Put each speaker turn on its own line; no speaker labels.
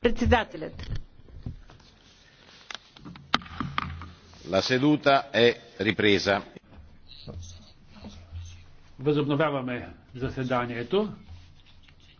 Председателят.
La seduta è ripresa.
Възобновяваме
заседанието.